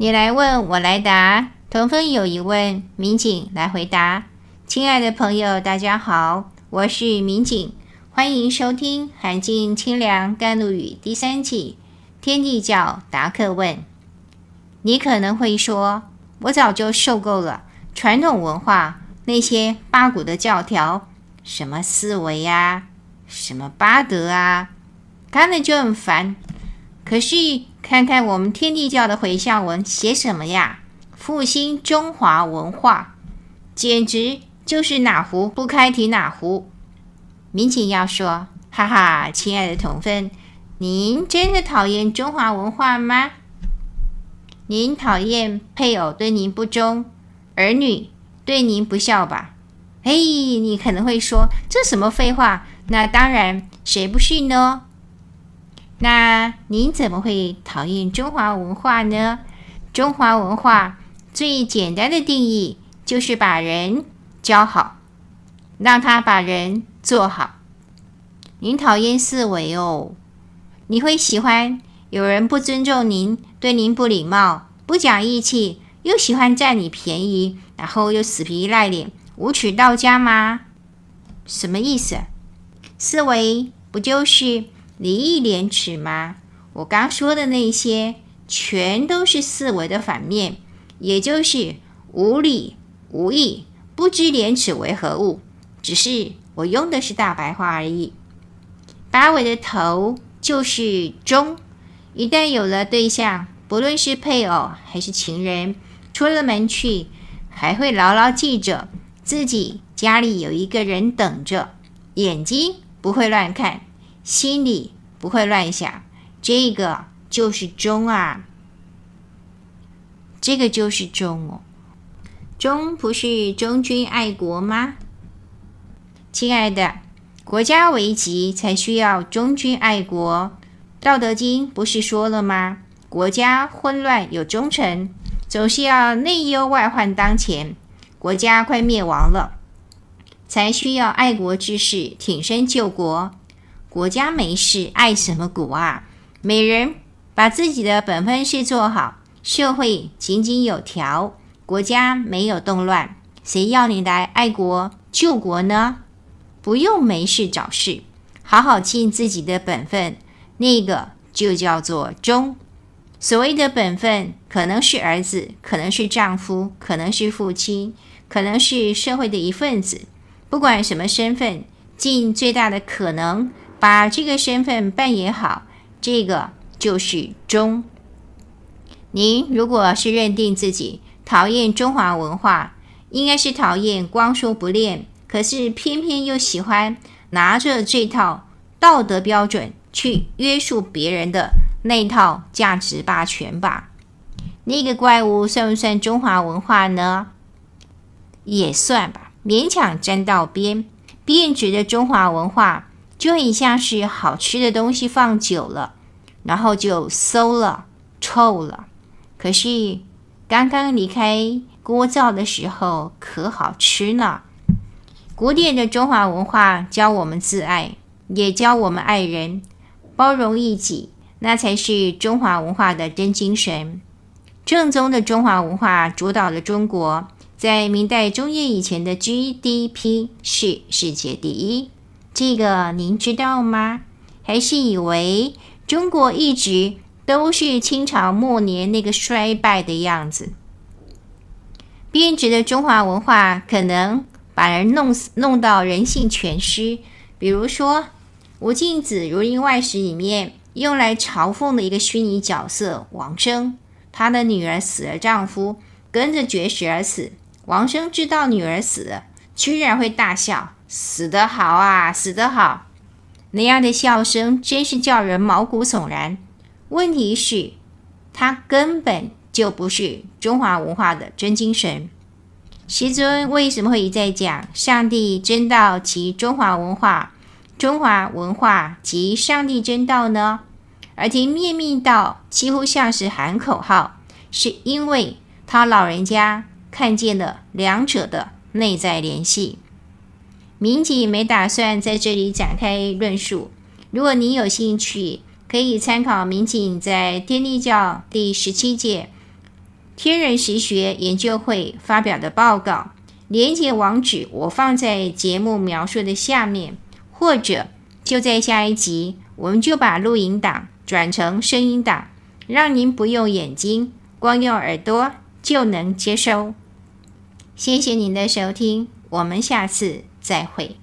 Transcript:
你來問我來答，同奮有疑問，敏警來回答。親愛的朋友，大家好，我是敏警，歡迎收聽《寒靜清涼甘露語》第三季。天帝教答客問，你可能會說，我早就受夠了傳統文化那些八股的教條，什麼四維啊，什麼八德啊，看了就很煩。可是。看看我們天帝教的回向文寫什麼呀？復興中華文化，簡直就是哪壺不開提哪壺。敏警要說：“哈哈，親愛的同奮，您真的討厭中華文化嗎？您討厭配偶對您不忠，兒女對您不孝吧？”嘿、哎，你可能會說：“這什麼廢話？”那當然，誰不是呢？那您怎麼會討厭中華文化呢？中華文化最簡單的定義就是把人教好，讓他把人做好。您討厭四維哦？你會喜歡有人不尊重您、對您不禮貌、不講義氣，又喜歡佔你便宜，然後又死皮賴臉無恥到家嗎？什麼意思？四維不就是？禮義廉恥嗎？我剛說的那些，全都是四維的反面，也就是無禮、無義、不知廉恥為何物。只是我用的是大白話而已。八維的頭就是忠，一旦有了對象，不論是配偶還是情人，出了門去還會牢牢記着自己家裡有一個人等着，眼睛不會亂看，心裡。不會亂想，這個就是忠啊，這個就是忠哦。忠不是忠君愛國嗎？親愛的，國家危急才需要忠君愛國。道德經不是說了嗎？國家昏亂有忠臣，總是要內憂外患當前，國家快滅亡了，才需要愛國志士挺身救國。國家沒事，愛什麼國啊？每人把自己的本分事做好，社會井井有條，國家沒有動亂，誰要你來愛國救國呢？不用沒事找事，好好盡自己的本分，那個就叫做忠。所謂的本分，可能是兒子，可能是丈夫，可能是父親，可能是社會的一份子，不管什麼身份，盡最大的可能。把這個身份扮演好，這個就是忠。您如果是認定自己討厭中華文化，應該是討厭光說不練，可是偏偏又喜歡拿着這套道德標準去約束別人的那套價值霸權吧？那個怪物算不算中華文化呢？也算吧，勉強沾到邊。變質的中華文化。就像是好吃的東西放久了，然後就餿了、臭了。可是剛剛離開鍋灶的時候，可好吃呢。古典的中華文化教我們自愛，也教我們愛人、包容異己，那才是中華文化的真精神。正宗的中華文化主導了中國，在明代中葉以前的 GDP 是世界第一。這個您知道嗎？還是以為中國一直都是清朝末年那個衰敗的樣子？變質的中華文化可能把人弄死，弄到人性全失。比如說，《吳敬梓儒林外史》裡面用來嘲諷的一個虛擬角色王生，他的女兒死了丈夫，跟着絕食而死。王生知道女兒死了，居然會大笑。死得好啊，死得好！那樣的笑聲真是叫人毛骨悚然。問題是，他根本就不是中華文化的真精神。師尊為什麼會一再講“上帝真道即中華文化，中華文化即上帝真道”呢？耳提面命到幾乎像是喊口號，是因為他老人家看見了兩者的內在聯繫。敏警沒打算在這裡展開論述。如果您有興趣，可以參考敏警在天帝教第十七屆天人實學研討會發表的報告，連接網址我放在節目描述的下面，或者就在下一集，我們就把錄影檔轉成聲音檔，讓您不用眼睛，光用耳朵就能接收。謝謝您的收聽，我們下次。再會。